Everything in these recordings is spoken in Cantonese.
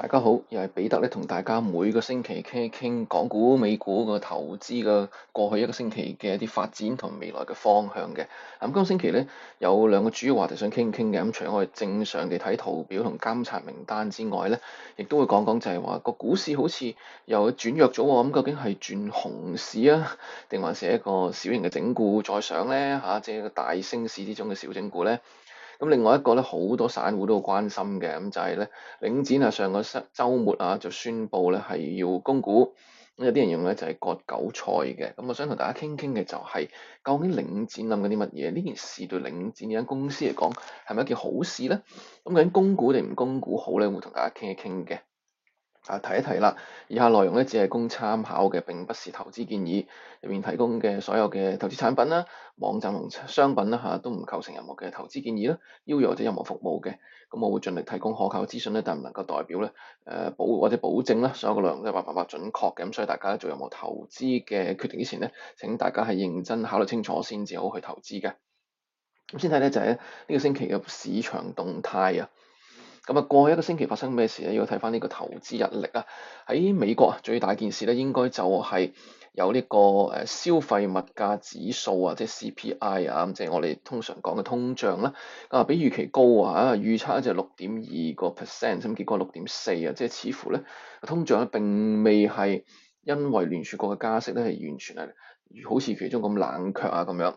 大家好，又係彼得咧，同大家每個星期傾一傾港股、美股個投資嘅過去一個星期嘅一啲發展同未來嘅方向嘅。咁、嗯、今個星期咧有兩個主要話題想傾一傾嘅，咁、嗯、除咗我哋正常嘅睇圖表同監察名單之外咧，亦都會講講就係話個股市好似又轉弱咗喎，咁、嗯、究竟係轉熊市啊，定還是一個小型嘅整固再上咧？嚇、啊，即係一個大升市之中嘅小整固咧？咁另外一個咧，好多散戶都好關心嘅，咁就係咧，領展啊，上個週末啊，就宣布咧係要供股，咁有啲人用咧就係割韭菜嘅。咁我想同大家傾傾嘅就係、是，究竟領展諗緊啲乜嘢？呢件事對領展呢間公司嚟講，係咪一件好事咧？咁究竟供股定唔供股好咧？會同大家傾一傾嘅。啊，提一提啦，以下內容咧只係供參考嘅，並不是投資建議。入面提供嘅所有嘅投資產品啦、網站同商品啦嚇、啊，都唔構成任何嘅投資建議啦，邀約或者任何服務嘅。咁我會盡力提供可靠嘅資訊咧，但唔能夠代表咧誒、呃、保或者保證啦，所有嘅內容都係準確嘅。咁所以大家做任何投資嘅決定之前咧，請大家係認真考慮清楚先至好去投資嘅。咁先睇咧就係、是、呢個星期嘅市場動態啊！咁啊，過去一個星期發生咩事咧？要睇翻呢個投資日曆啊。喺美國啊，最大件事咧，應該就係有呢個誒消費物價指數啊，即係 CPI 啊，即係我哋通常講嘅通脹啦。啊，比預期高啊，預測就六點二個 percent，咁結果六點四啊，即係似乎咧通脹咧並未係因為聯儲局嘅加息咧係完全係好似預期中咁冷卻啊咁樣。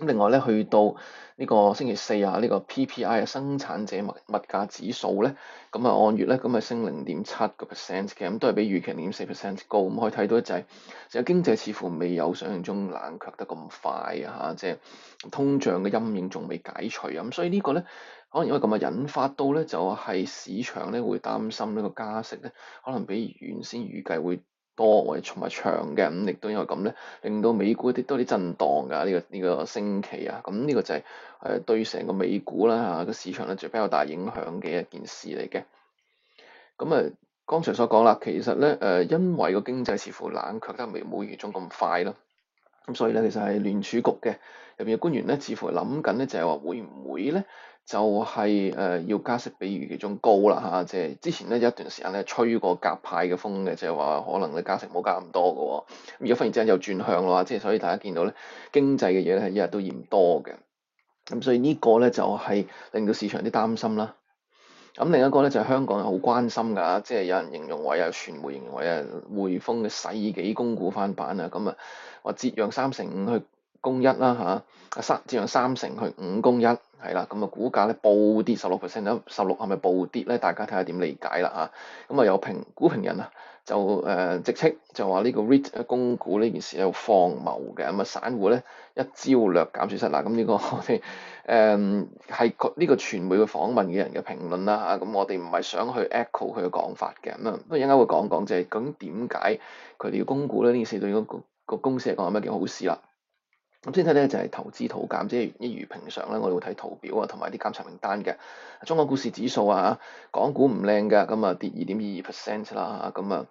另外咧，去到呢個星期四啊，呢、這個 PPI 嘅生產者物物價指數咧，咁啊按月咧，咁啊升零點七個 percent 嘅，咁都係比預期零點四 percent 高，咁可以睇到就係、是、成個經濟似乎未有想象中冷卻得咁快啊，嚇，即係通脹嘅陰影仲未解除，咁所以個呢個咧，可能因為咁啊，引發到咧就係、是、市場咧會擔心呢個加息咧，可能比原先預計會多或者長嘅咁，亦都因為咁咧，令到美股啲多啲震盪㗎呢、呢個呢、呢個星期啊，咁呢個就係、是、誒、呃、對成個美股啦嚇個市場咧，就比較大影響嘅一件事嚟嘅。咁啊，剛才所講啦，其實咧誒、呃，因為個經濟似乎冷卻得微冇預想中咁快咯，咁所以咧其實係聯儲局嘅入邊嘅官員咧，似乎諗緊咧就係話會唔會咧？就係誒要加息比預期中高啦吓，即係之前咧有一段時間咧吹過夾派嘅風嘅，即係話可能你加息冇加咁多嘅喎，咁而家忽然之間又轉向啦，即係所以大家見到咧經濟嘅嘢咧係一日都嫌多嘅，咁所以呢個咧就係令到市場啲擔心啦。咁另一個咧就係香港人好關心㗎，即係有人形容為啊傳媒形容為啊，匯豐嘅世紀供股翻版啊，咁啊話折讓三成五去供一啦吓，啊三折讓三成去五供一。係啦，咁啊、嗯、股價咧暴跌十六 percent，十六係咪暴跌咧？大家睇下點理解啦嚇。咁、嗯、啊有評股評人啊，呃、就誒直斥就話呢個 REIT 供股呢件事係荒謬嘅，咁、嗯、啊散戶咧一招略減少損失嗱。咁、嗯、呢、呢個我哋誒係呢個傳媒嘅訪問嘅人嘅評論啦嚇。咁、啊嗯、我哋唔係想去 echo 佢嘅講法嘅咁啊。不過陣間會講講就係咁點解佢哋要供股咧？呢件事對嗰個公司嚟講係咪一件好事啦？咁先睇咧就係投資圖鑑，即係一如平常咧，我哋會睇圖表啊，同埋啲監察名單嘅。中國股市指數啊，港股唔靚嘅，咁啊跌二點二二 percent 啦，嚇咁啊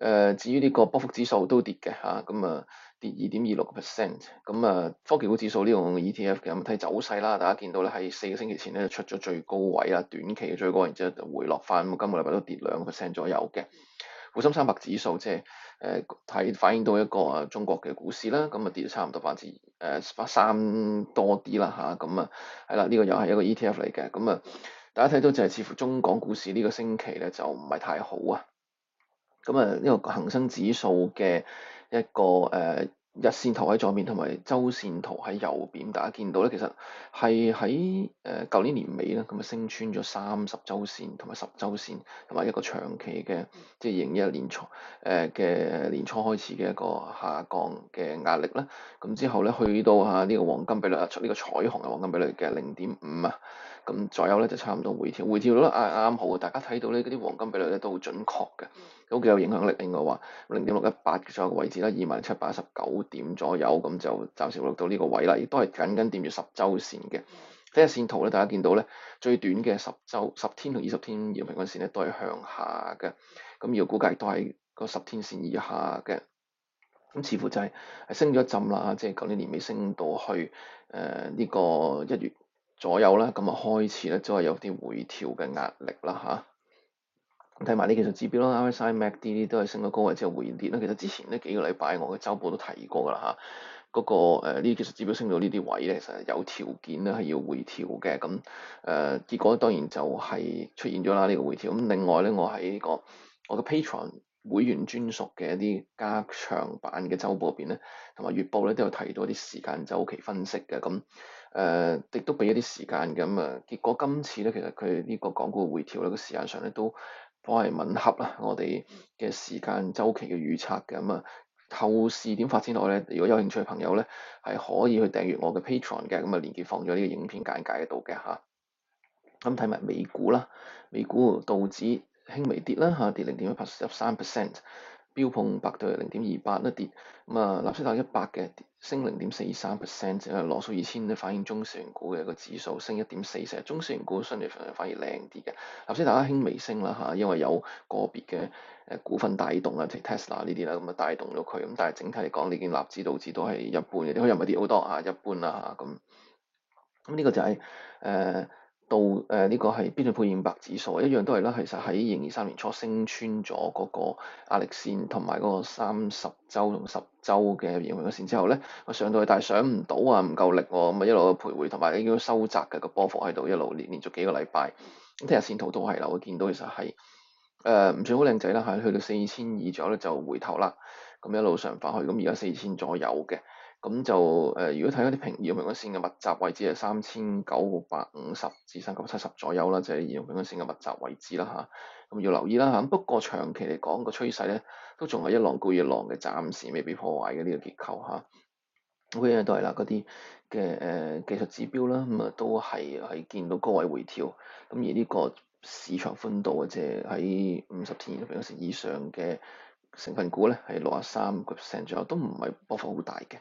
誒。至於呢個波幅指數都跌嘅嚇，咁啊跌二點二六 percent。咁啊科技股指數呢個 E T F 嘅，睇走勢啦，大家見到咧係四個星期前咧出咗最高位啦，短期嘅最高位，然之後就回落翻，咁今個禮拜都跌兩個 percent 左右嘅。滬深三百指數即係。誒睇反映到一個啊中國嘅股市啦，咁啊跌咗差唔多百分之誒三多啲啦吓，咁啊係啦，呢、呢個又係一個 ETF 嚟嘅，咁啊大家睇到就係似乎中港股市呢個星期咧就唔係太好啊，咁啊呢個恒生指數嘅一個誒。啊日線圖喺左邊，同埋周線圖喺右邊。大家見到咧，其實係喺誒舊年年尾咧，咁啊升穿咗三十周線同埋十周線，同埋一個長期嘅即係二零二一年初誒嘅、呃、年初開始嘅一個下降嘅壓力咧。咁之後咧，去到嚇呢個黃金比率出呢、這個彩虹嘅黃金比率嘅零點五啊，咁左右咧就差唔多回調，回調到咧啱啱好。大家睇到咧嗰啲黃金比率咧都好準確嘅，都幾有影響力，應該話零點六一八嘅左右嘅位置啦，二萬七百一十九。點咗右咁就暫時落到呢個位啦，亦都係緊緊掂住十周線嘅。睇下線圖咧，大家見到咧最短嘅十周十天同二十天移動平均線咧都係向下嘅，咁而估計都係個十天線以下嘅。咁似乎就係升咗一陣啦，即係舊年年尾升到去誒呢個一月左右啦，咁啊開始咧都係有啲回調嘅壓力啦吓。睇埋呢技術指標啦，RSI MACD 呢都係升咗高或者後回跌啦。其實之前呢幾個禮拜我嘅周報都提過㗎啦嚇，嗰、那個呢、呃、技術指標升到呢啲位咧，其實有條件咧係要回調嘅。咁誒、呃、結果當然就係出現咗啦呢個回調。咁另外咧，我喺呢、那個我嘅 Patreon 會員專屬嘅一啲加長版嘅周報入邊咧，同埋月報咧都有提到一啲時間週期分析嘅。咁誒、呃、亦都俾一啲時間咁啊。結果今次咧其實佢呢個港股回調咧，個時間上咧都～都我係吻合啦，我哋嘅時間周期嘅預測嘅咁啊，後市點發展落去咧？如果有興趣嘅朋友咧，係可以去訂閱我嘅 Patreon 嘅，咁、嗯、啊，連結放咗呢個影片簡介度嘅吓。咁睇埋美股啦，美股道指輕微跌啦嚇，跌零點一三 percent，標普五百對零點二八一跌，咁、嗯、啊，納斯達克一百嘅。升零點四三 percent，就係羅素二千咧，2000, 反映中資股嘅一個指數升一點四成，中資股相對反而靚啲嘅，頭先大家輕微升啦嚇，因為有個別嘅股份帶動啊，譬如 Tesla 呢啲啦，咁啊帶動咗佢，咁但係整體嚟講，呢件立指導致都係一般嘅，啲佢又唔係跌好多啊，一般啦嚇咁，咁呢個就係、是、誒。呃到誒呢、呃這個係邊度？標普五百指數一樣都係啦。其實喺二零二三年初升穿咗嗰個壓力線同埋嗰個三十週同十週嘅移動嘅線之後咧，我上到去，但係上唔到啊，唔夠力喎，咁、嗯、啊一路徘徊，同埋已經收窄嘅個波幅喺度，一路連連續幾個禮拜咁，聽日線圖都係啦，我見到其實係誒唔算好靚仔啦，係去到四千二左右就回頭啦，咁一路上翻去，咁而家四千左右嘅。咁就誒、呃，如果睇嗰啲平移平均線嘅密集位置係三千九百五十至三千九百七十左右啦，就係移動平均線嘅密集位置啦吓，咁、啊、要留意啦嚇。不過長期嚟講、個趨勢咧，都仲係一浪高一浪嘅，暫時未被破壞嘅呢、呢個結構吓，咁、啊、嘅、okay, 都係啦，嗰啲嘅誒技術指標啦，咁啊都係係見到高位回調。咁而呢個市場寬度即係喺五十天移動平均線以上嘅成份股咧，係六十三 percent 左右，都唔係波幅好大嘅。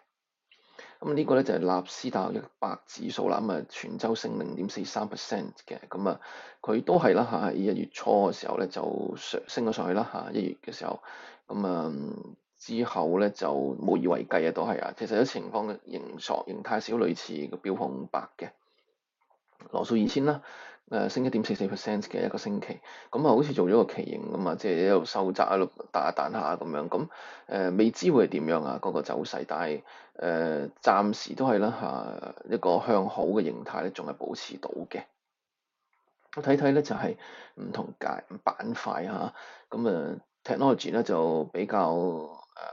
咁呢、嗯這個咧就係納斯達克一百指數、嗯、啦，咁啊全周升零點四三 percent 嘅，咁啊佢都係啦嚇，喺一月初嘅時候咧就上升咗上去啦嚇，一月嘅時候，咁、嗯、啊之後咧就無以為繼啊，都係啊，其實有情況嘅形狀形態少類似個標普五百嘅羅素二千啦。誒升一點四四 percent 嘅一個星期，咁啊好似做咗個旗形咁啊，即係一路收窄，一路彈下彈下咁樣，咁誒、呃、未知會係點樣啊？嗰、那個走勢，但係誒、呃、暫時都係啦嚇，一個向好嘅形態咧，仲係保持到嘅。我睇睇咧就係、是、唔同界板塊嚇，咁啊 technology 咧就比較誒、呃、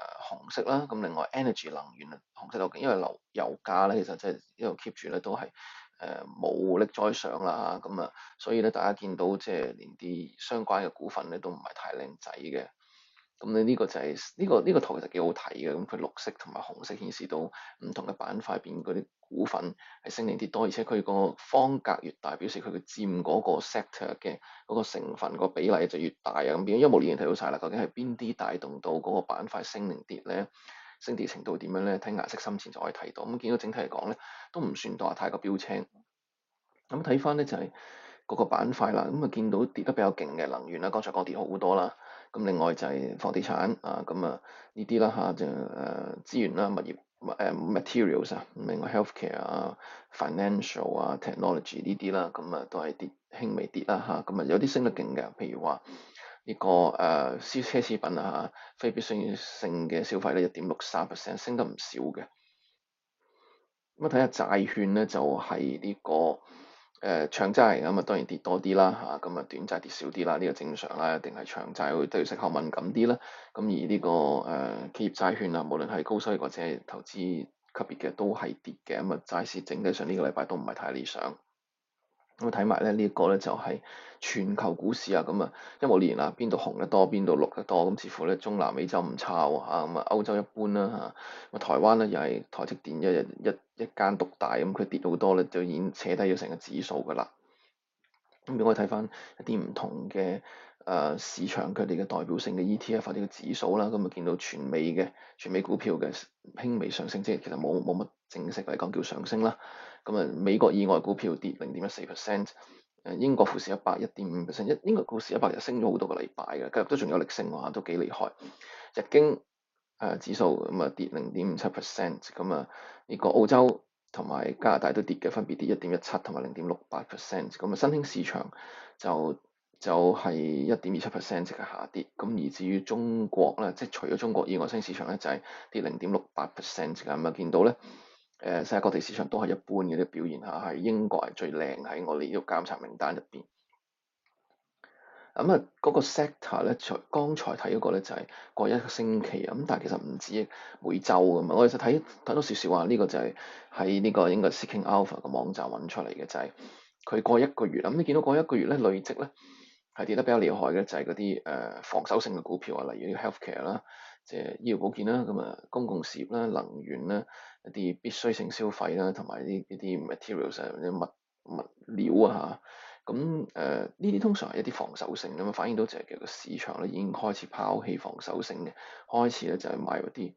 紅色啦，咁另外 energy 能源啊紅色到，因為油油價咧其實即係一路 keep 住咧都係。誒冇、呃、力再上啦，咁啊，所以咧大家見到即係連啲相關嘅股份咧都唔係太靚仔嘅。咁你呢個就係、是、呢、呢個呢、呢個圖其實幾好睇嘅，咁佢綠色同埋紅色顯示到唔同嘅板塊邊嗰啲股份係升定跌多，而且佢個方格越大，表示佢嘅佔嗰個 sector 嘅嗰個成分個比例就越大啊。咁變咗一目了然睇到晒啦，究竟係邊啲帶動到嗰個板塊升定跌咧？升跌程度點樣咧？睇顏色深淺就可以睇到。咁、嗯、見到整體嚟講咧，都唔算當太過標青。咁睇翻咧就係、是、各個板塊啦。咁、嗯、啊見到跌得比較勁嘅能源啦，剛才講跌好多啦。咁另外就係房地產啊，咁啊呢啲啦嚇就誒資源啦、物業誒 materials 啊，另外、啊、healthcare 啊、financial 啊、technology 呢啲啦，咁啊都係跌輕微跌啦嚇。咁啊、啊、啊有啲升得勁嘅譬如話。呢、這個誒奢侈品啊嚇，非必需性嘅消費咧一點六三 percent 升得唔少嘅。咁啊睇下債券咧就係、是、呢、這個誒、呃、長債嚟嘅嘛，當然跌多啲啦嚇，咁啊短債跌少啲啦，呢、這個正常啦、啊，一定係長債會對息口敏感啲啦。咁、啊、而呢、這個誒、呃、企業債券啊，無論係高收益或者係投資級別嘅都係跌嘅。咁啊債市整體上呢個禮拜都唔係太理想。咁啊睇埋咧呢、呢個咧就係全球股市啊，咁啊一冇年啊，邊度紅得多，邊度綠得多，咁似乎咧中南美洲唔差喎嚇，咁啊歐洲一般啦嚇，咁台灣咧又係台積電一一一間獨大，咁佢跌到好多咧，就已經扯低咗成個指數噶啦。咁另外睇翻一啲唔同嘅誒、呃、市場，佢哋嘅代表性嘅 ETF 或者個指數啦，咁啊見到全美嘅全美股票嘅輕微上升，即係其實冇冇乜正式嚟講叫上升啦。咁啊，美國以外股票跌零點一四 percent，誒英國富時一百一點五 percent，一英國股市一百日升咗好多個禮拜嘅，今日都仲有力升喎，都幾厲害。日經誒指數咁啊跌零點五七 percent，咁啊呢個澳洲同埋加拿大都跌嘅，分別跌一點一七同埋零點六八 percent，咁啊新興市場就就係一點二七 percent 即係下跌。咁而至於中國咧，即係除咗中國以外新市場咧，就係、是、跌零點六八 percent 咁啊，見到咧。誒世界各地市場都係一般嘅啲表現嚇，係英國係最靚喺我哋呢個監察名單入邊。咁、嗯、啊，嗰、那個 sector 咧，才剛才睇嗰個咧就係過一個星期啊。咁但係其實唔止每週咁啊。我其實睇睇多少少話，呢、這個就係喺呢個英國 Seeking Alpha 嘅網站揾出嚟嘅，就係、是、佢過一個月咁、嗯、你見到過一個月咧累積咧係跌得比較厲害嘅，就係嗰啲誒防守性嘅股票啊，例如啲 healthcare 啦，即係醫療保健啦，咁啊公共事業啦、能源啦。一啲必需性消費啦，同埋呢啲 materials 啊，啲物物料啊嚇。咁誒呢啲通常係一啲防守性咁啊，反映到就係其實個市場咧已經開始拋棄防守性嘅，開始咧就係買嗰啲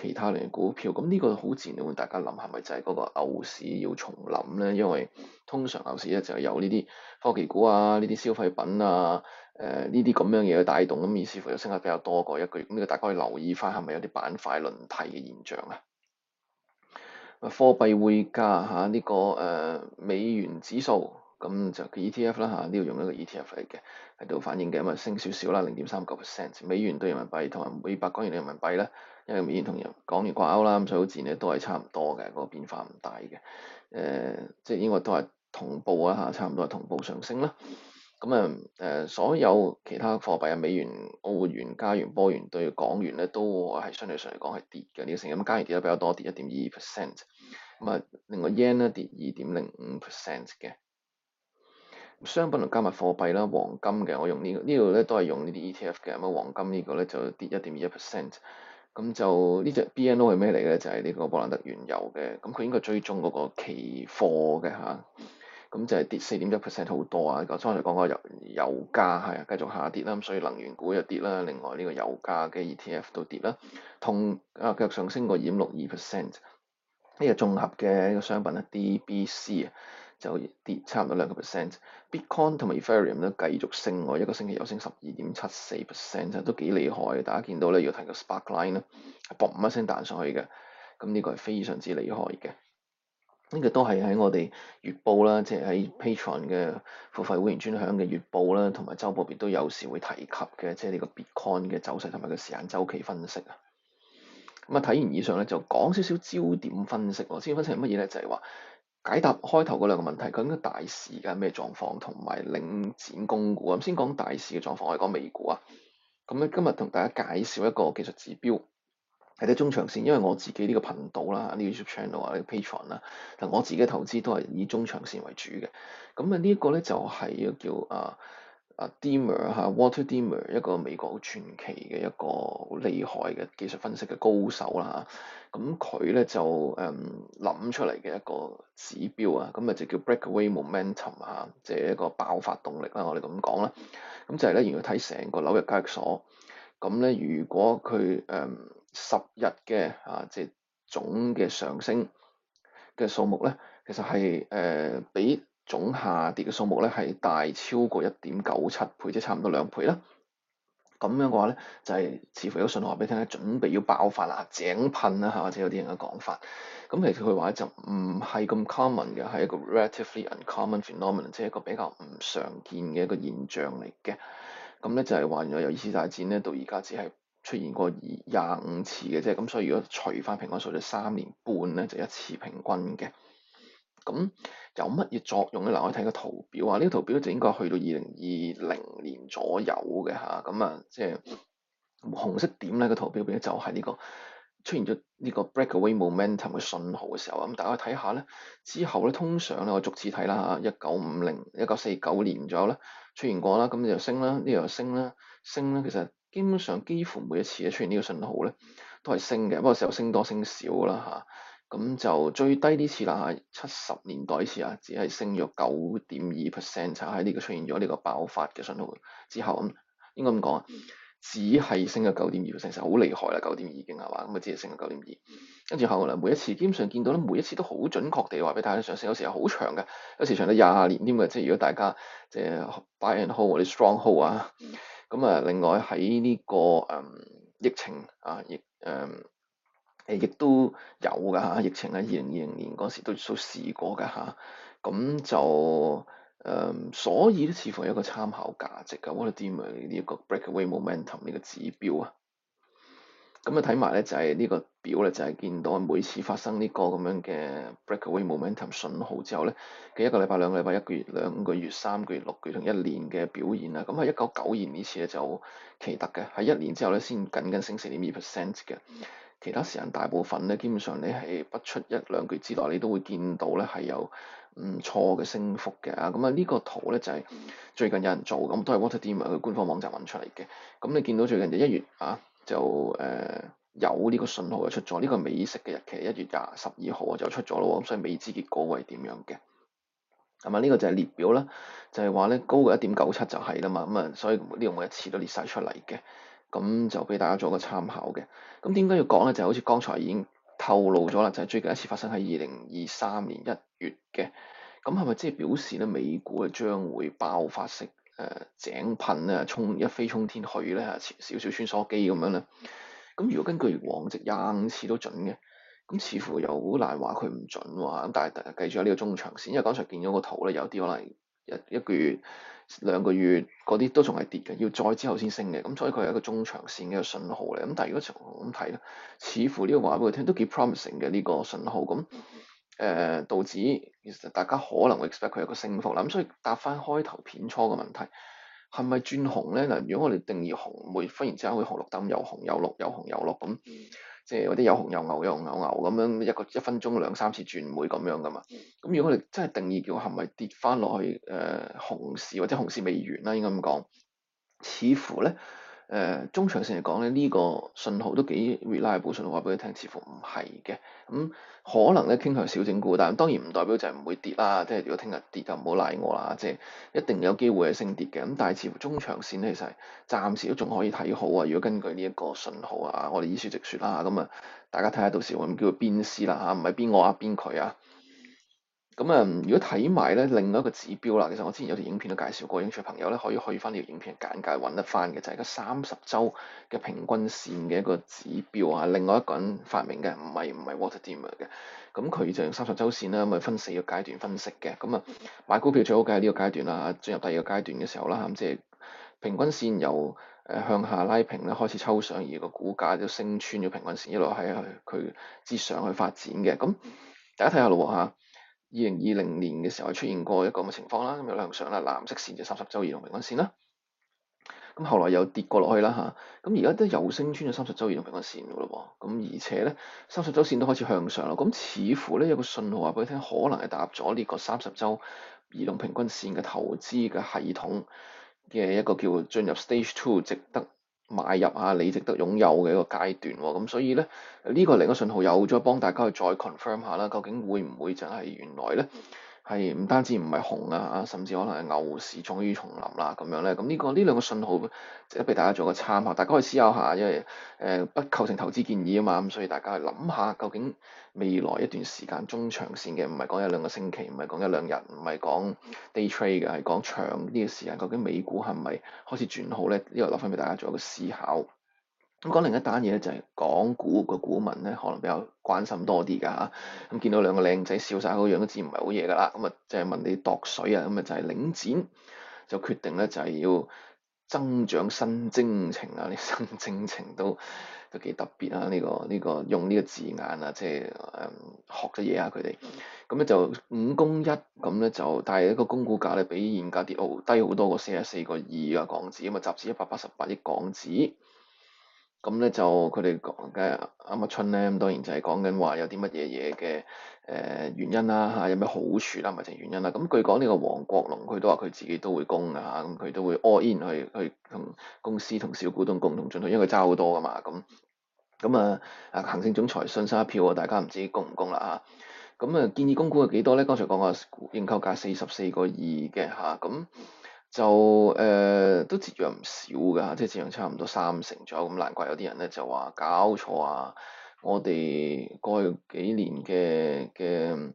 其他類嘅股票。咁呢個好自然會大家諗係咪就係嗰個牛市要重臨咧？因為通常牛市咧就係有呢啲科技股啊、呢啲消費品啊、誒呢啲咁樣嘢嘅帶動咁而似乎又升得比較多過一個月。咁呢個大家可以留意翻係咪有啲板塊輪替嘅現象啊？啊，貨幣匯價呢、啊這個誒、呃、美元指數，咁就 ETF 啦、啊、嚇，呢度用一個 ETF 嚟嘅，喺度反映嘅咁啊，升少少啦，零點三九 percent，美元兌人民幣同埋每百港元嘅人民幣啦。因為美元同人港元掛鈎啦，咁、啊、所以好自然咧都係差唔多嘅，嗰、那個變化唔大嘅，誒、呃、即係應該都係同步啊嚇，差唔多係同步上升啦。咁啊，誒所有其他貨幣啊，美元、澳元、加元、波元對港元咧，都係相對上嚟講係跌嘅，呢、這個成咁加元跌得比較多，跌一點二 percent。咁啊，另外 yen 咧跌二點零五 percent 嘅。商品同加埋貨幣啦，黃金嘅，我用呢呢度咧都係用呢啲 ETF 嘅，咁啊黃金呢個咧就跌一點二一 percent。咁就、這個 NO、呢隻 BNO 係咩嚟咧？就係、是、呢個布蘭特原油嘅，咁佢應該追蹤嗰個期貨嘅嚇。咁就係跌四點一 percent 好多啊！我剛才講過油油價係啊，繼續下跌啦。咁所以能源股又跌啦。另外呢個油價嘅 ETF 都跌啦。同啊繼續上升個二點六二 percent。呢個綜合嘅個商品咧 DBC 就跌差唔多兩個 percent。Bitcoin 同埋 Ethereum 咧繼續升喎，一個星期又升十二點七四 percent 都幾厲害。大家見到咧要睇個 sparkline 啦，砰一聲彈上去嘅。咁呢個係非常之厲害嘅。呢個都係喺我哋月報啦，即係喺 Patreon 嘅付費會員專享嘅月報啦，同埋周報亦都有時會提及嘅，即係呢個 Bitcoin 嘅走勢同埋個時間周期分析啊。咁啊，睇完以上咧，就講少少焦點分析。焦點分析係乜嘢咧？就係話解答開頭嗰兩個問題，究竟大市而家咩狀況，同埋領展供股啊。咁先講大市嘅狀況，我哋講美股啊。咁咧，今日同大家介紹一個技術指標。睇啲中長線，因為我自己呢個頻道啦，呢、這個、YouTube channel 啊，呢個 Patreon 啦，嗱我自己投資都係以中長線為主嘅。咁、就是、啊呢一個咧就係叫啊啊 Deemer 嚇、er,，Walter Deemer，、er, 一個美國好傳奇嘅一個好厲害嘅技術分析嘅高手啦嚇。咁佢咧就誒諗、嗯、出嚟嘅一個指標啊，咁啊就叫 Breakaway Momentum 嚇、啊，即、就、係、是、一個爆發動力啦，我哋咁講啦。咁就係、是、咧，要睇成個紐約交易所，咁咧如果佢誒。嗯十日嘅啊，即係總嘅上升嘅數目咧，其實係誒、呃、比總下跌嘅數目咧係大超過一點九七倍，即差唔多兩倍啦。咁樣嘅話咧，就係、是、似乎有信號俾你聽咧，準備要爆發啦，井噴啦，嚇！或者有啲人嘅講法。咁其實佢話就唔係咁 common 嘅，係一個 relatively uncommon phenomenon，即係一個比較唔常見嘅一個現象嚟嘅。咁、嗯、咧就係、是、話原來有二次大戰咧到而家只係出現過二廿五次嘅啫，咁所以如果除翻平均數，就三年半咧就一次平均嘅。咁有乜嘢作用咧？嗱，我哋睇個圖表啊，呢、這個圖表就應該去到二零二零年左右嘅吓，咁啊，即、嗯、係、就是、紅色點咧個圖表變咗就係呢、這個出現咗呢個 breakaway momentum 嘅信號嘅時候啊。咁、嗯、大家睇下咧，之後咧通常咧我逐次睇啦嚇，一九五零、一九四九年左右咧出現過啦，咁你就升啦，呢又升啦，升啦，其實。基本上幾乎每一次出現呢個信號咧，都係升嘅，不過時候升多升少啦嚇。咁、啊、就最低呢次啦嚇，七十年代呢次啊，只係升咗九點二 percent，就喺呢個出現咗呢個爆發嘅信號之後咁、嗯，應該咁講啊，只係升咗九點二 percent，好厲害啦，九點二已經係嘛，咁啊只係升咗九點二。跟住後嚟每一次基本上見到咧，每一次都好準確地話俾大家上升，有時係好長嘅，有時長得廿年添嘅，即係如果大家即係 buy and hold 或者 strong hold 啊。嗯咁啊，另外喺呢、這個誒、嗯、疫情啊，疫誒誒亦都有㗎嚇，疫情咧二零二零年嗰時都都試過㗎嚇，咁就誒所以咧似乎有個參考價值 What theme，啊。What do you mean 呢個 breakaway momentum 呢個指標啊？咁啊，睇埋咧就係呢個表咧，就係見到每次發生呢個咁樣嘅 breakaway momentum 信號之後咧，嘅一個禮拜、兩個禮拜、一個月、兩個月、三個月、六個月、同一年嘅表現啊。咁喺一九九二年呢次咧就奇特嘅，喺一年之後咧先僅僅升四點二 percent 嘅，其他時間大部分咧基本上你係不出一兩個月之內你都會見到咧係有唔錯嘅升幅嘅啊。咁、嗯、啊，呢、呢個圖咧就係最近有人做咁都係 Water Deemer 去官方網站揾出嚟嘅。咁你見到最近就一月啊～就誒有呢個信號出、這個、就出咗，呢個美食嘅日期一月廿十二號就出咗咯，咁所以未知結果會係點樣嘅，咁咪呢個就係列表啦？就係話咧高過一點九七就係啦嘛，咁啊所以呢個每一次都列晒出嚟嘅，咁就俾大家做個參考嘅。咁點解要講咧？就係、好似剛才已經透露咗啦，就係、係、最近一次發生喺二零二三年一月嘅，咁係咪即係表示咧美股嘅將會爆發式？誒、呃，井噴咧，衝一飛沖天去咧，少少穿梭機咁樣咧。咁、嗯、如果根據往績，硬次都準嘅，咁、嗯、似乎又好難話佢唔準喎。咁、嗯、但係記住喺呢個中長線，因為剛才見咗個圖咧，有啲可能一一個月、兩個月嗰啲都仲係跌嘅，要再之後先升嘅。咁、嗯、所以佢係一個中長線嘅一個信號嚟。咁、嗯、但係如果從咁睇咧，似乎呢個話俾佢聽都幾 promising 嘅呢、這個信號咁。嗯嗯誒，道指其實大家可能會 expect 佢有個升幅啦，咁、嗯、所以答翻開頭片初嘅問題，係咪轉紅咧？嗱，如果我哋定義紅會忽然之間會紅綠燈，有紅有綠，有紅有綠咁，即係嗰啲有紅有牛，有牛牛咁樣一個一分鐘兩三次轉，會咁樣噶嘛？咁、嗯、如果我哋真係定義叫係咪跌翻落去誒、呃、紅市或者紅市未完啦，應該咁講，似乎咧。誒、呃、中長線嚟講咧，呢、這個信號都幾 reliable，信號話俾你聽，似乎唔係嘅，咁、嗯、可能咧傾向小整固，但係當然唔代表就係唔會跌啦，即係如果聽日跌就唔好賴我啦，即係一定有機會係升跌嘅，咁、嗯、但係似乎中長線其實暫時都仲可以睇好啊，如果根據呢一個信號啊，我哋以書直説啦，咁、嗯、啊大家睇下到時會唔會叫做邊師啦嚇，唔、啊、係邊我啊邊佢啊。咁啊、嗯，如果睇埋咧，另外一個指標啦，其實我之前有條影片都介紹過，興趣朋友咧可以去翻條影片嘅簡介，揾得翻嘅，就係嗰三十週嘅平均線嘅一個指標啊。另外一個人發明嘅，唔係唔係 Water Demo 嘅。咁佢、嗯、就用三十週線咧，咪、嗯、分四個階段分析嘅。咁、嗯、啊，買股票最好嘅係呢個階段啦，進入第二個階段嘅時候啦，嚇、嗯，即、就、係、是、平均線由誒、呃、向下拉平咧，開始抽上而個股價就升穿咗平均線，一路喺佢之上去發展嘅。咁、嗯、大家睇下咯嚇。啊二零二零年嘅時候出現過一個咁嘅情況啦，咁向上啦，藍色線就三十週移動平均線啦。咁後來又跌過落去啦嚇，咁而家都又升穿咗三十週移動平均線㗎咯喎，咁而且咧三十週線都開始向上啦，咁似乎咧有個信號話俾你聽，可能係踏入咗呢個三十週移動平均線嘅投資嘅系統嘅一個叫進入 stage two，值得，買入下你值得擁有嘅一個階段喎，咁所以咧呢、這個另一個信號又再幫大家去再 confirm 下啦，究竟會唔會就係原來咧？係唔單止唔係紅啊，甚至可能係牛市終於重臨啦咁樣咧，咁呢、呢個呢兩個信號，即係俾大家做個參考，大家可以思考下，因為誒、呃、不構成投資建議啊嘛，咁所以大家去諗下，究竟未來一段時間中長線嘅，唔係講一兩個星期，唔係講一兩日，唔係講 day trade 嘅，係講長啲嘅時間，究竟美股係咪開始轉好咧？呢個留翻俾大家做一個思考。咁講另一單嘢咧，就係港股個股民咧，可能比較關心多啲㗎嚇。咁見到兩個靚仔笑晒個樣，都知唔係好嘢㗎啦。咁啊，即係問你度水啊，咁啊就係領展就決定咧，就係要增長新征程啊！呢新征程都都幾特別啊！呢個呢個用呢個字眼啊，即係誒學咗嘢啊！佢哋咁咧就五供一咁咧就，但係一個供股價咧比現價跌好低好多，過四十四個二啊港紙，咁啊集資一百八十八億港紙。咁咧就佢哋講嘅阿啊春咧，咁當然就係講緊話有啲乜嘢嘢嘅誒原因啦嚇、啊，有咩好處啦，唔係原因啦。咁、啊、據講呢個王國龍佢都話佢自己都會供嘅，咁佢都會 all in 去去同公司同小股東共同進退，因為佢揸好多噶嘛。咁咁啊啊行政總裁信沙票啊，大家唔知供唔供啦嚇。咁啊，啊建議供股係幾多咧？剛才講啊認購價四十四個二嘅嚇咁。啊啊就誒、呃、都折讓唔少㗎，即係折讓差唔多三成左右。咁難怪有啲人咧就話搞錯啊！我哋過去幾年嘅嘅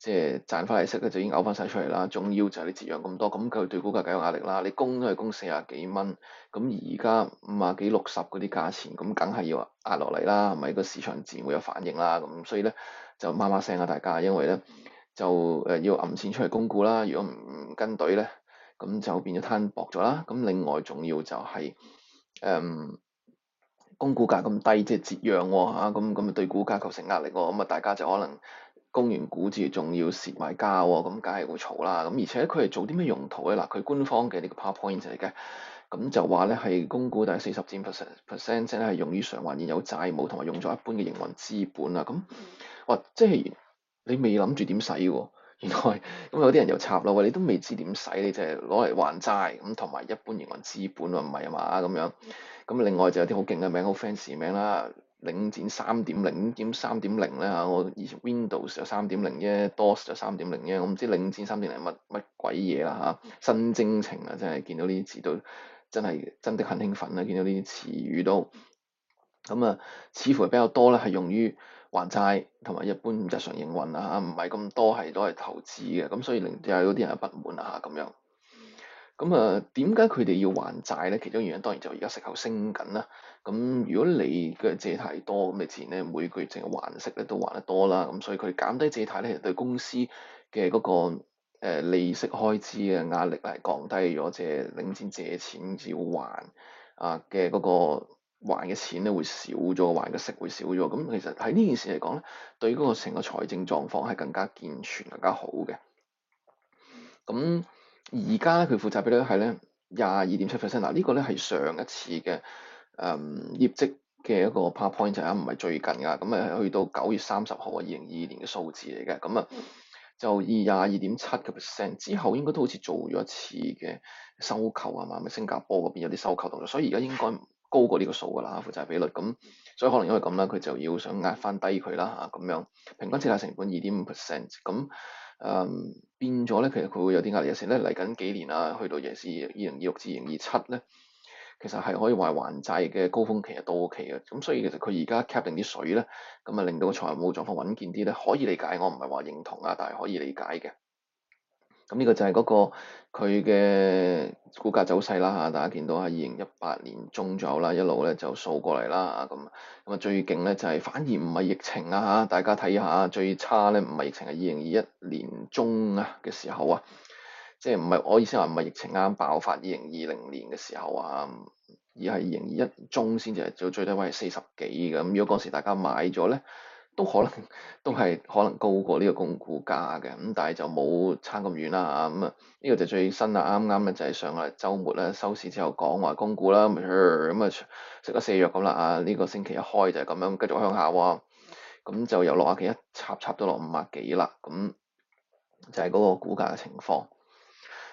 即係賺翻利息嘅，就已經嘔翻晒出嚟啦。仲要就係你折讓咁多，咁佢對股價梗有壓力啦。你供都係供四啊幾蚊，咁而家五啊幾六十嗰啲價錢，咁梗係要壓落嚟啦，係咪個市場自然會有反應啦？咁所以咧就麻麻聲啊，大家，因為咧就誒、呃、要揞錢出嚟供股啦。如果唔跟隊咧～咁就變咗攤薄咗啦。咁另外仲要就係、是，誒、嗯，供股價咁低，即係折讓喎、哦、嚇。咁咁咪對股價構成壓力喎、哦。咁、嗯、啊，大家就可能供完股之後、哦，仲要蝕埋價喎。咁梗係會嘈啦。咁、嗯、而且佢係做啲咩用途咧？嗱、啊，佢官方嘅、就是嗯嗯、呢個 PowerPoint 嚟嘅，咁就話咧係供股大四十 percent percent 即係用於償還現有債務，同埋用咗一般嘅營運資本、嗯嗯嗯、啊。咁或即係你未諗住點使喎？原來咁有啲人又插啦喂，你都未知點使，你就係攞嚟還債咁，同埋一般營運資本喎，唔係嘛，咁樣。咁另外就有啲好勁嘅名，好 fans 名啦，領展三點零，點三點零咧嚇。我以前 Windows 就三點零啫，DOS 就三點零啫，我唔知領展三點零乜乜鬼嘢啦嚇。新征程啊，真係見到呢啲字都真係真的很興奮啦，見到呢啲詞語都咁啊，似乎比較多咧，係用於還債同埋一般日常營運，運啊，唔係咁多，係都係投資嘅，咁所以令到有啲人係不滿啊，咁樣。咁啊，點解佢哋要還債咧？其中原因當然就而家息口升緊啦。咁如果你嘅借貸多，咁你自然咧每個月淨還息咧都還得多啦。咁所以佢減低借貸咧，對公司嘅嗰個利息開支嘅壓力係降低咗，借領先借錢要還啊嘅嗰個。還嘅錢咧會少咗，還嘅息會少咗，咁其實喺呢件事嚟講咧，對於嗰個成個財政狀況係更加健全、更加好嘅。咁而家咧佢負債比率係咧廿二點七 percent，嗱呢個咧係上一次嘅誒、嗯、業績嘅一個 PowerPoint 就係唔係最近㗎，咁係去到九月三十號啊二零二二年嘅數字嚟嘅，咁啊就二廿二點七個 percent 之後應該都好似做咗一次嘅收購啊嘛，咪新加坡嗰邊有啲收購動作，所以而家應該，高過呢個數㗎啦，負債比率咁，所以可能因為咁啦，佢就要想壓翻低佢啦嚇咁樣平均借貸成本二點五 percent 咁誒變咗咧，其實佢會有啲壓力有時咧嚟緊幾年啊，去到尤其係二零二六至二零二七咧，其實係可以話還債嘅高峰期嘅到期嘅，咁所以其實佢而家 cap 定啲水咧，咁啊令到個財務狀況穩健啲咧，可以理解，我唔係話認同啊，但係可以理解嘅。咁呢、嗯這個就係嗰、那個佢嘅股價走勢啦嚇，大家見到喺二零一八年中左右啦，一路咧就掃過嚟啦咁。咁、嗯、啊、嗯、最勁咧就係、是、反而唔係疫情啊嚇，大家睇下最差咧唔係疫情，係二零二一年中啊嘅時候啊，即係唔係我意思話唔係疫情啱、啊、爆發二零二零年嘅時候啊，而係二零二一中先至係到最低位係四十幾咁。如果嗰時大家買咗咧～都可能都係可能高過呢個公股價嘅，咁但係就冇差咁遠啦，咁啊呢個就最新啦，啱啱咧就係上個周末咧收市之後講話公股啦，咁啊食咗四藥咁啦，啊、這、呢個星期一開就係咁樣，繼續向下，咁、嗯、就由六啊幾一插插到落五啊幾啦，咁、嗯、就係、是、嗰個股價嘅情況，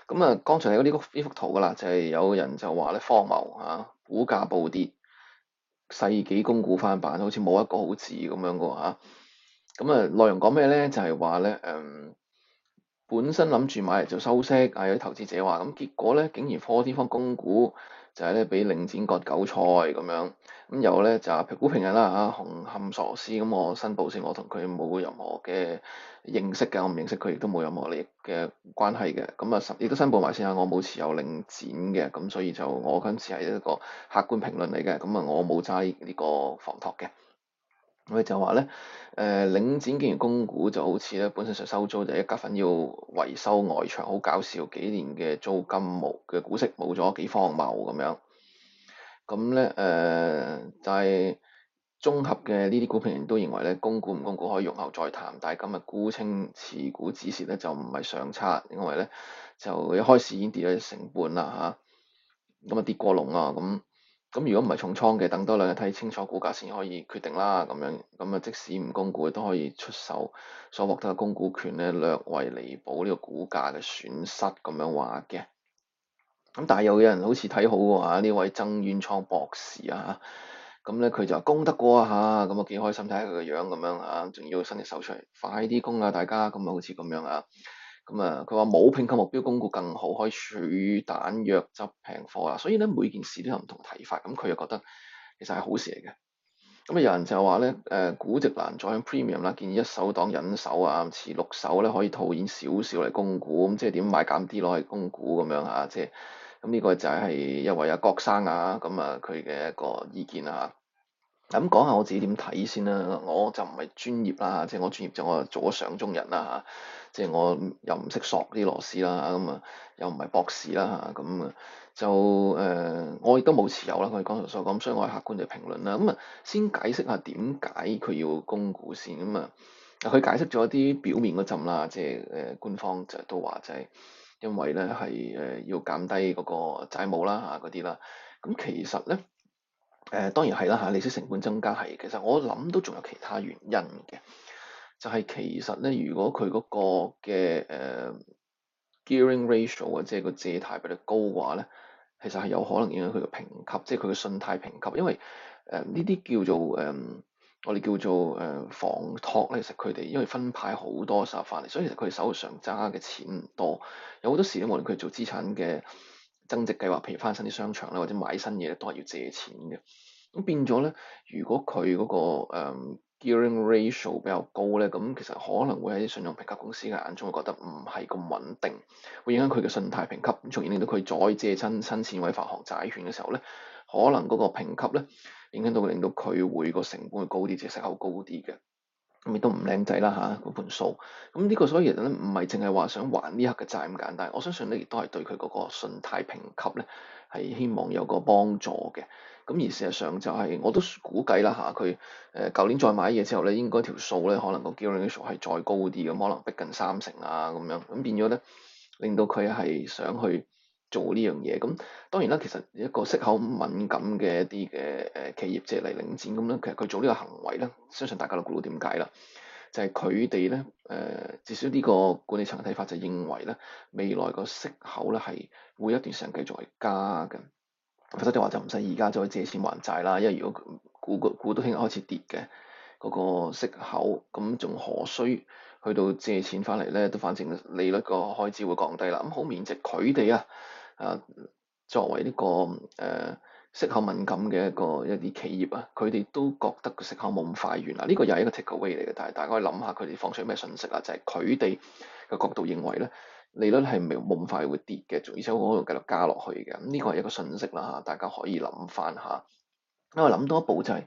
咁、嗯、啊剛才有呢個呢幅圖噶啦，就係、是、有人就話咧荒謬吓、啊，股價暴跌。世紀供股翻版，好似冇一個好字咁樣噶吓，咁啊內容講咩咧？就係話咧，嗯。本身諗住買嚟做收息，啊有啲投資者話，咁結果咧竟然破天荒供股，就係咧俾領展割韭菜咁樣，咁有咧就係股評人啦嚇、啊，紅磡傻師，咁、嗯、我申報先，我同佢冇任何嘅認識嘅，我唔認識佢，亦都冇任何利益嘅關係嘅，咁啊亦都申報埋先啊，我冇持有領展嘅，咁、嗯、所以就我今次係一個客觀評論嚟嘅，咁、嗯、啊我冇揸呢個房託嘅。我哋就話咧，誒、呃、領展既然供股就好似咧，本身想收租就一家粉要維修外牆，好搞笑。幾年嘅租金冇嘅股息冇咗，幾荒謬咁樣。咁咧誒就係、是、綜合嘅呢啲股評人都認為咧，供股唔供股可以容後再談，但係今日沽清持股止蝕咧就唔係上策，因為咧就一開始已經跌咗成半啦吓，咁啊跌過龍啊咁。咁如果唔係重倉嘅，等多兩日睇清楚股價先可以決定啦。咁樣，咁啊即使唔供股都可以出售所獲得嘅供股權咧，略為彌補呢個股價嘅損失咁樣話嘅。咁但係又有人好似睇好嘅呢位曾淵滄博士啊咁咧，佢就話供得過啊嚇，咁啊幾開心睇下佢個樣咁樣嚇，仲要伸隻手出嚟，快啲供啊大家，咁啊好似咁樣啊。咁啊，佢話冇評級目標供股更好，可以儲彈藥執平貨啦。所以咧，每件事都有唔同睇法。咁佢又覺得其實係好事嚟嘅。咁、嗯、啊，有人就話咧，誒估值難再享 premium 啦，prem ium，建議一手黨忍手啊，持六手咧可以套現少少嚟供股。咁、嗯、即係點買減啲攞嚟供股咁樣嚇、啊，即係咁呢個就係係一位阿、啊、郭生啊，咁啊佢嘅一個意見啊。咁講下我自己點睇先啦，我就唔係專業啦，即係我專業就我做咗上中人啦嚇，即係我又唔識索啲螺絲啦，咁啊又唔係博士啦嚇，咁啊就誒、呃、我亦都冇持有啦，佢剛才所講，所以我係客觀嘅評論啦，咁啊先解釋下點解佢要供股先，咁啊佢解釋咗啲表面嗰陣啦，即係誒官方就都話就係因為咧係誒要減低嗰個債務啦嚇嗰啲啦，咁其實咧。誒、呃、當然係啦嚇，利息成本增加係，其實我諗都仲有其他原因嘅，就係、是、其實咧，如果佢嗰個嘅誒 gearing ratio 啊，即、呃、係個借貸比率高嘅話咧，其實係有可能影響佢嘅評級，即係佢嘅信貸評級，因為誒呢啲叫做誒、呃，我哋叫做誒房託，咧，其實佢哋因為分派好多收入翻嚟，所以其實佢哋手上揸嘅錢唔多，有好多時咧，無論佢做資產嘅。增值計劃，譬如翻新啲商場咧，或者買新嘢咧，都係要借錢嘅。咁變咗咧，如果佢嗰個誒 gearing ratio 比較高咧，咁其實可能會喺啲信用評級公司嘅眼中覺得唔係咁穩定，會影響佢嘅信貸評級，咁從而令到佢再借新新錢去發行債券嘅時候咧，可能嗰個評級咧，影響到會令到佢會、個成本會高啲，借息口高啲嘅。咁亦都唔靚仔啦嚇，嗰盤數。咁、啊、呢個所以其實咧，唔係淨係話想還呢刻嘅債咁簡單。我相信咧，亦都係對佢嗰個信貸評級咧，係希望有個幫助嘅。咁而事實上就係、是，我都估計啦嚇，佢誒舊年再買嘢之後咧，應該條數咧，可能個 gearing ratio 係再高啲，咁可能逼近三成啊咁樣。咁變咗咧，令到佢係想去。做呢樣嘢咁，當然啦，其實一個息口敏感嘅一啲嘅誒企業借嚟、就是、領錢咁咧，其實佢做呢個行為咧，相信大家都估到點解啦，就係佢哋咧誒，至少呢個管理層嘅睇法就認為咧，未來個息口咧係會一段時間繼續係加嘅。否則你話就唔使而家再借錢還債啦，因為如果股股都興開始跌嘅，嗰、那個息口咁仲何須去到借錢返嚟咧？都反正利率個開支會降低啦。咁好面值佢哋啊～啊，作為呢、這個誒、呃、息口敏感嘅一個一啲企業啊，佢哋都覺得個息口冇咁快完啦。呢、這個又係一個 take away 嚟嘅，但係大家可以諗下佢哋放出咩訊息啦，就係佢哋嘅角度認為咧，利率係未冇咁快會跌嘅，而且可能會繼續加落去嘅。咁、這、呢個係一個訊息啦嚇，大家可以諗翻下。因為諗多一步就係、是、誒、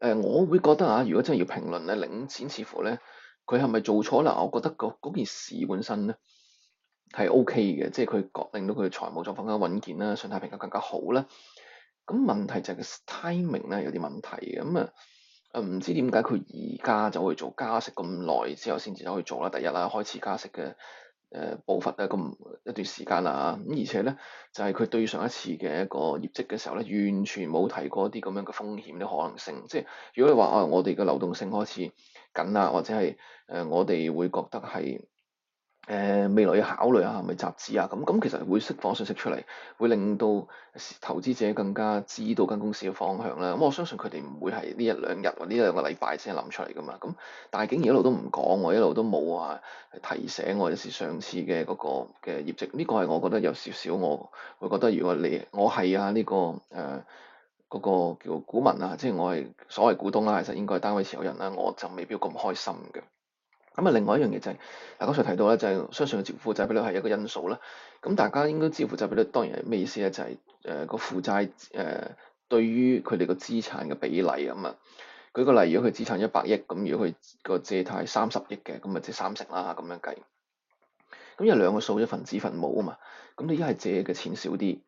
呃，我會覺得嚇、啊，如果真係要評論咧，領展似乎咧，佢係咪做錯啦？我覺得嗰件事本身咧。係 OK 嘅，即係佢令到佢財務狀況更加穩健啦，信貸評級更加好啦。咁問題就係 timing 咧，有啲問題嘅，咁、嗯、啊，唔、嗯、知點解佢而家就去做加息咁耐之後先至走去做啦？第一啦、啊，開始加息嘅誒、呃、步伐咧咁一段時間啦咁、啊、而且咧就係、是、佢對上一次嘅一個業績嘅時候咧，完全冇提過一啲咁樣嘅風險嘅可能性。即係如果你話啊，我哋嘅流動性開始緊啦，或者係誒、呃、我哋會覺得係。誒未來要考慮下係咪集資啊？咁咁其實會釋放信息出嚟，會令到投資者更加知道間公司嘅方向啦。咁我相信佢哋唔會係呢一兩日或呢兩個禮拜先諗出嚟噶嘛。咁但係竟然一路都唔講，我一路都冇話提醒我，有時上次嘅嗰個嘅業績，呢個係我覺得有少少我會覺得，如果你我係啊呢個誒嗰、呃嗰個叫股民啊，即係我係所謂股東啦，其實應該係單位持有人啦，我就未必咁開心嘅。咁啊，另外一樣嘢就係、是，嗱剛才提到咧，就係、是、相信嘅負債比率係一個因素啦。咁大家應該知道，負債比率，當然係咩意思咧？就係誒個負債誒對於佢哋個資產嘅比例啊嘛。舉個例，如果佢資產一百億，咁如果佢個借貸三十億嘅，咁啊即三成啦，咁樣計。咁因為兩個數，一份子一份母啊嘛。咁你一係借嘅錢少啲，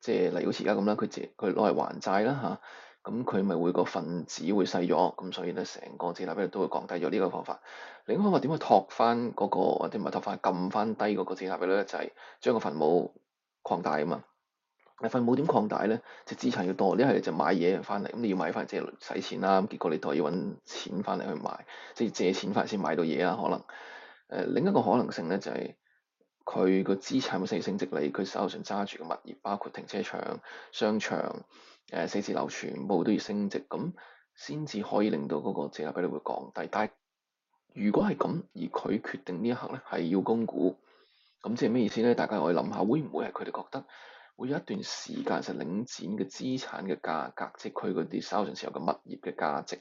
即係例如好似而家咁啦，佢借佢攞嚟還債啦嚇。咁佢咪會個分子會細咗，咁所以咧成個資產比率都會降低咗。呢個方法，另一個方法點去托翻嗰、那個，或者唔係托翻，撳翻低嗰個資產比率呢，就係、是、將個分母擴大啊嘛。分母點擴大咧？即、就、係、是、資產要多，一係就買嘢翻嚟，咁你要買翻嚟即係使錢啦。咁結果你都要揾錢翻嚟去買，即、就、係、是、借錢翻嚟先買到嘢啦。可能誒、呃、另一個可能性咧，就係佢個資產嘅成成績嚟，佢手上揸住嘅物業包括停車場、商場。誒，寫字樓全部都要升值，咁先至可以令到嗰個借貸比率會降低。但係如果係咁，而佢決定呢一刻咧係要供股，咁即係咩意思咧？大家可以諗下，會唔會係佢哋覺得會有一段時間係領展嘅資產嘅價格，即係佢嗰啲稍緊持候嘅物業嘅價值，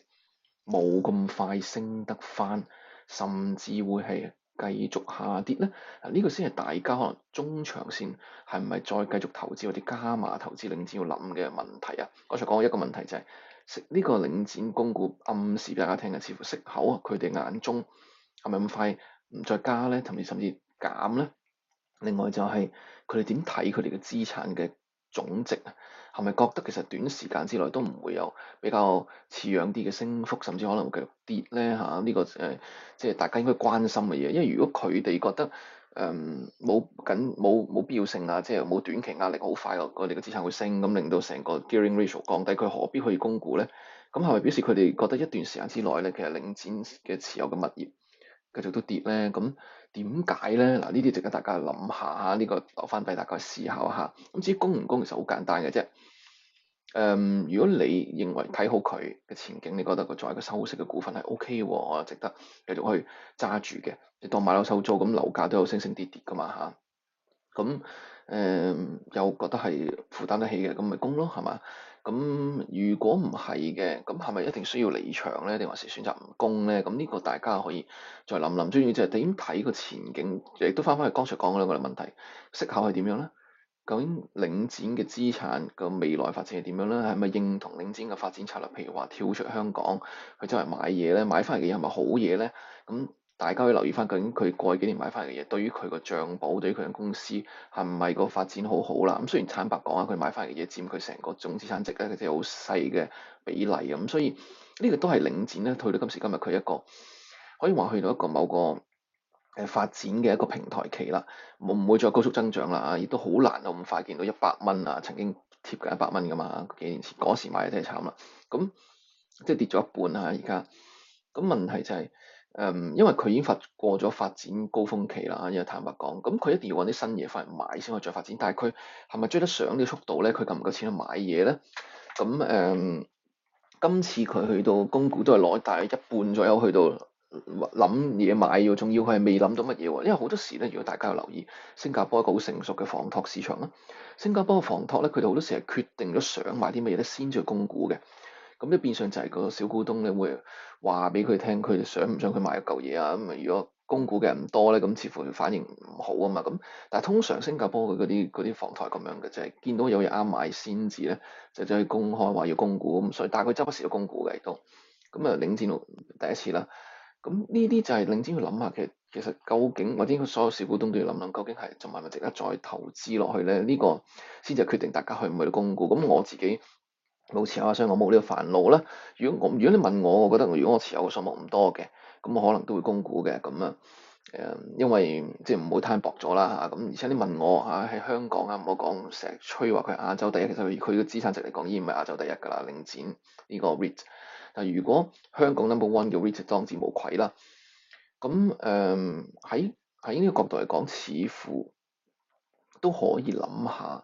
冇咁快升得翻，甚至會係，繼續下跌咧，嗱、啊、呢、這個先係大家可能中長線係咪再繼續投資嗰啲加碼投資領展要諗嘅問題啊！我再講一個問題就係、是，食呢個領展公股暗示大家聽嘅，似乎食口啊，佢哋眼中係咪咁快唔再加咧，同埋甚至減咧？另外就係佢哋點睇佢哋嘅資產嘅總值啊，係咪覺得其實短時間之內都唔會有比較似樣啲嘅升幅，甚至可能會繼續跌咧嚇？呢、這個誒、呃，即係大家應該關心嘅嘢，因為如果佢哋覺得誒冇緊冇冇必要性啊，即係冇短期壓力，好快我我哋嘅資產會升，咁令到成個 gearing ratio 降低，佢何必去供股咧？咁係咪表示佢哋覺得一段時間之內咧，其實領展嘅持有嘅物業繼續都跌咧？咁？點解咧？嗱，呢啲值得大家諗下，呢、呢個留翻俾大家思考下，下。咁至於供唔供，其實好簡單嘅啫。誒、呃，如果你認為睇好佢嘅前景，你覺得佢作為一個收息嘅股份係 O K 喎，值得繼續去揸住嘅。你當買樓收租，咁樓價都有升升跌跌㗎嘛嚇。咁、啊、誒、呃，又覺得係負擔得起嘅，咁咪供咯，係嘛？咁如果唔係嘅，咁係咪一定需要離場咧？定還是選擇唔供咧？咁呢個大家可以再諗諗，專業就係點睇個前景，亦都翻返去剛才講嗰兩個問題，息口係點樣咧？究竟領展嘅資產個未來發展係點樣咧？係咪認同領展嘅發展策略？譬如話跳出香港去周圍買嘢咧，買翻嚟嘅嘢係咪好嘢咧？咁？大家要留意翻究竟佢過去幾年買翻嚟嘅嘢，對於佢個帳簿，對於佢間公司係唔係個發展好好啦？咁雖然坦白講啊，佢買翻嚟嘅嘢佔佢成個總資產值咧，佢哋好細嘅比例咁、嗯，所以呢、呢個都係領展咧，去到今時今日佢一個可以話去到一個某個誒發展嘅一個平台期啦，冇唔會再高速增長啦，亦都好難到咁快見到一百蚊啊！曾經貼緊一百蚊噶嘛，幾年前嗰時買嘢真係慘啦，咁即係跌咗一半啊！而家咁問題就係、是。誒、嗯，因為佢已經發過咗發展高峰期啦，因為坦白講，咁佢一定要揾啲新嘢翻嚟買先可以再發展，但係佢係咪追得上呢個速度咧？佢夠唔夠錢去買嘢咧？咁誒、嗯，今次佢去到供股都係攞，大約一半左右去到諗嘢買要仲要佢係未諗到乜嘢喎？因為好多時咧，如果大家有留意新加坡一個好成熟嘅房託市場啦，新加坡嘅房託咧，佢哋好多時係決定咗想買啲乜嘢咧，先至供股嘅。咁一變相就係個小股東你會話俾佢聽，佢想唔想佢買嚿嘢啊？咁啊，如果供股嘅人唔多咧，咁似乎反應唔好啊嘛。咁但係通常新加坡嘅嗰啲啲房台咁樣嘅就係，見到有人啱買先至咧，就走去公開話要供股咁。所以大概佢周不時要供股嘅亦都。咁啊，領展到第一次啦。咁呢啲就係領展要諗下嘅，其實究竟或者所有小股東都要諗諗，究竟係仲係咪值得再投資落去咧？呢個先至決定大家去唔去到供股。咁我自己，冇持有啊，所以我冇呢個煩惱啦。如果我如果你問我，我覺得如果我持有嘅數目唔多嘅，咁我可能都會供股嘅咁啊。誒，因為即係唔好太薄咗啦嚇。咁、啊、而且你問我嚇喺、啊、香港啊，唔好講成日吹話佢係亞洲第一，其實佢佢個資產值嚟講已經唔係亞洲第一㗎啦。領展呢個 REIT 但如果香港 number one 嘅 REIT 當之無愧啦，咁誒喺喺呢個角度嚟講，似乎都可以諗下。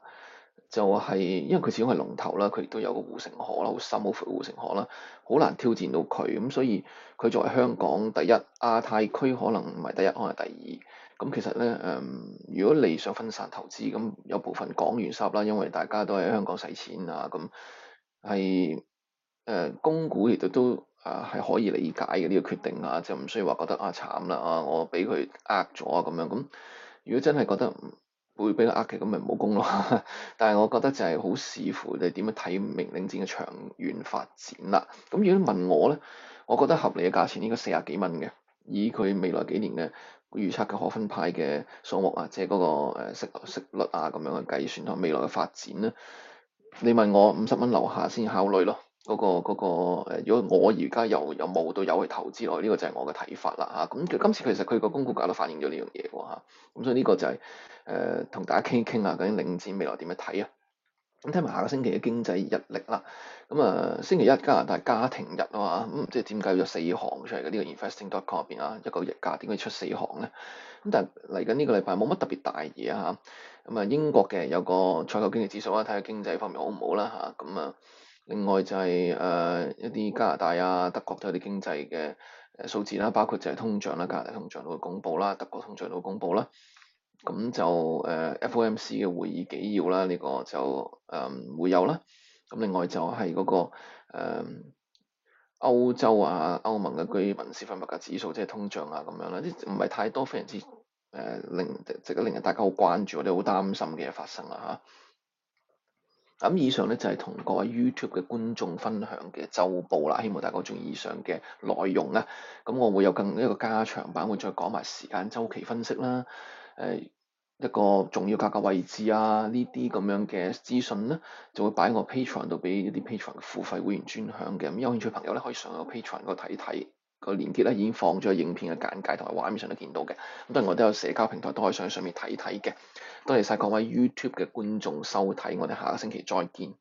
就係、是、因為佢始終係龍頭啦，佢亦都有個護城河啦，好深好闊護城河啦，好難挑戰到佢咁、嗯，所以佢作為香港第一亞太、啊、區可能唔係第一，可能係第二。咁、嗯、其實咧，誒、嗯，如果你想分散投資，咁有部分港元十啦，因為大家都喺香港使錢啊，咁係誒，供股亦都都啊，係可以理解嘅呢、這個決定啊，就唔需要話覺得啊慘啦啊，我俾佢呃咗啊咁樣。咁、嗯、如果真係覺得，會畀人呃嘅，咁咪冇功咯。 但係我覺得就係好視乎你點樣睇明領展嘅長遠發展啦。咁如果你問我咧，我覺得合理嘅價錢應該四十幾蚊嘅，以佢未來幾年嘅預測嘅可分派嘅數目啊，即係嗰個誒息息率啊咁樣去計算同未來嘅發展咧，你問我五十蚊樓下先考慮咯。嗰、那個嗰如果我而家又有冇到有，有，有去投資內，呢、這個就係我嘅睇法啦嚇。咁、啊、今次其實佢個供股價都反映咗呢樣嘢喎，咁所以呢個就係誒同大家傾傾啊，究竟領展未來點樣睇啊？咁聽埋下個星期嘅經濟日曆啦。咁啊，星期一加拿大家庭日啊嘛。咁、啊、唔知點解有四行出嚟嘅呢個 Investing dot com 入邊啊？一個日價點解出四行咧？咁、啊、但嚟緊呢個禮拜冇乜特別大嘢嚇。咁啊，啊，英國嘅有個採購經理指數啦，睇、啊、下經濟方面好唔好啦吓，咁啊～啊啊另外就係、是、誒、呃、一啲加拿大啊、德國都有啲經濟嘅誒數字啦，包括就係通脹啦，加拿大通脹都會公布啦，德國通脹都會公布啦。咁就誒、呃、FOMC 嘅會議紀要啦，呢、這個就誒、呃、會有啦。咁另外就係嗰、那個誒、呃、歐洲啊、歐盟嘅居民消費物價指數，即係通脹啊咁樣啦，啲唔係太多非常之誒、呃、令值得令,令,令人大家好關注或者好擔心嘅嘢發生啦嚇。咁以上咧就係、是、同各位 YouTube 嘅觀眾分享嘅周報啦，希望大家鍾意以上嘅內容咧。咁我會有更一個加長版，會再講埋時間週期分析啦，誒、呃、一個重要價格位置啊，這這呢啲咁樣嘅資訊咧，就會擺喺我 Patreon 度畀一啲 Patreon 付費會員專享嘅。咁有興趣朋友咧，可以上我個 Patreon 度睇睇。個連結咧已經放咗喺影片嘅簡介同埋畫面上都見到嘅，咁當然我哋都有社交平台都可以上去上面睇睇嘅。多謝晒各位 YouTube 嘅觀眾收睇，我哋下個星期再見。